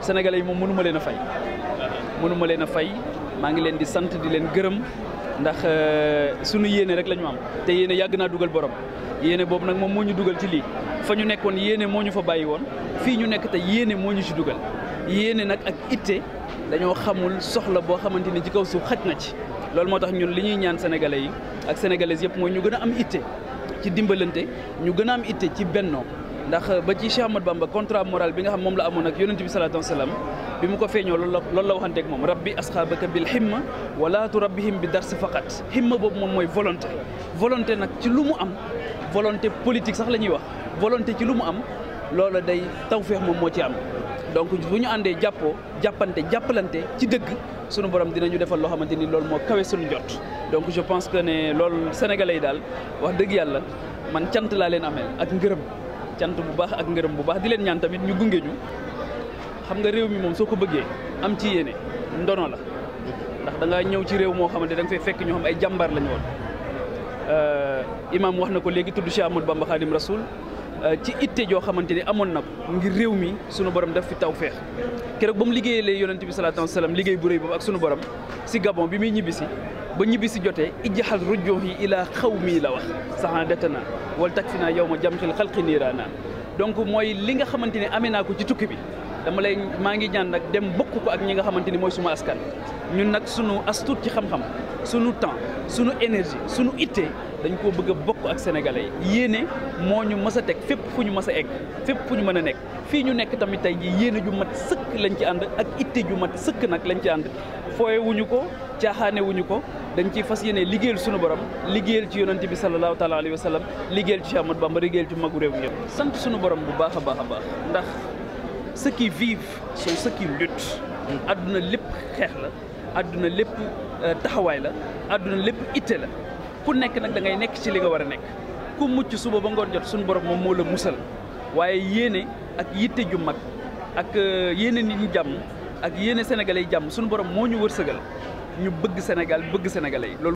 sénégalais yi moom mënuma ma leen a fay mënuma ma leen a fay maa ngi leen di sant di leen gërëm ndax euh, sunu yéene rek la ñu am te yéene yàgg naa dugal borom yéene boobu nag moom moo ñu dugal ci lii fa ñu nekkoon yéene moo ñu fa bàyyi woon fii ñu nekk te yéene moo ñu ci dugal yéene nag ak itte dañoo xamul soxla boo xamante ni ci kaw su xaj na ci loolu moo tax ñun li ñuy ñaan sénégalais yi ak sénégalaises yëpp mooy ñu gën a am itte ci dimbalante ñu gën a am itte ci bennoo ndax ba ci Cheikh Ahmad Bamba contrat moral bi nga xam mom la amone ak yunus bi alayhi wasallam bi mu ko feño loolu la waxante ak mom rabbi asxaabaka bil himma wala turabbihim bi dars faqat himma boobu mom moy volonté volonté nak ci lu mu am volonté politique sax la wax volonté ci lu mu am loola day tawfeex mom mo ci am donc buñu andé jappo jàppoo jàppante ci deug suñu borom dinañu defal lo xamanteni ni mo kawé suñu jot donc je pense que né loolu sénégalais dal wax deug yalla man cant la len amel ak ngeureum cant bu baax ak ngërëm bu baax di leen ñaan tamit ñu gunge xam nga réew mi moom soo ko bëggee am ci yéene ndono la ndax da ñëw ci réew moo xamante da nga fay fekk ñu xam ay jàmbaar lañu woon euh, imaam wax na ko léegi tudd Cheikh Ahmadou Bamba Khadim Rasoul euh, ci itte joo xamante ni amoon na ko ngir réew mi sunu borom daf fi taw feex keroog ba mu liggéeyee lay yonent bi salaatu wasalaam liggéey bu rëy boobu ak sunu borom si Gabon bi muy ñibbisi ba ñibbi si jotee ijjaxal rujjoox yi ilaa xaw mii la wax saxan detana wal tag fi naa yow ma jam xel xalqi niiraana donc mooy li nga xamante ne amee naa ko ci tukki bi dama lay maa ngi ñaan nag dem bokk ko ak ñi nga xamante ni mooy suma askan ñun nag suñu astuut ci xam-xam sunu temps suñu énergie suñu ittee dañ koo bëgg a bokk ak sénégalais yi yéene moo ñu mës a teg fépp fu ñu mës a egg fépp fu ñu mën a nekk fii ñu nekk tamit tey jii yéene ju mat së lañ ci ànd ak itte ju mat sëkk nag lañ ci ànd fooye ko caaxaane ko dañ ciy fas yéene liggéeyal sunu borom liggéeyal ci yonante bi salallaahu taala alayhi wa sallam liggéeyal ci Cheikh Ahmadou Bamba liggéeyal ci magu réew mi yëpp sant sunu borom bu baax a baax a baax ndax ceux qui vivent sont ceux qui luttent adduna lépp xeex la adduna lépp euh, taxawaay la àdduna lépp itte la ku nekk nag dangay nekk ci li nga war a nekk ku mucc suba ba ngoon jot suñu borom moom moo la musal waaye yéene ak yitte ju mag ak euh, yéene nit ñi jàmm ak yéene sénégalais yi jàmm suñu borom moo ñu wërsëgal ñu bëgg Sénégal bëgg sénégalais yi.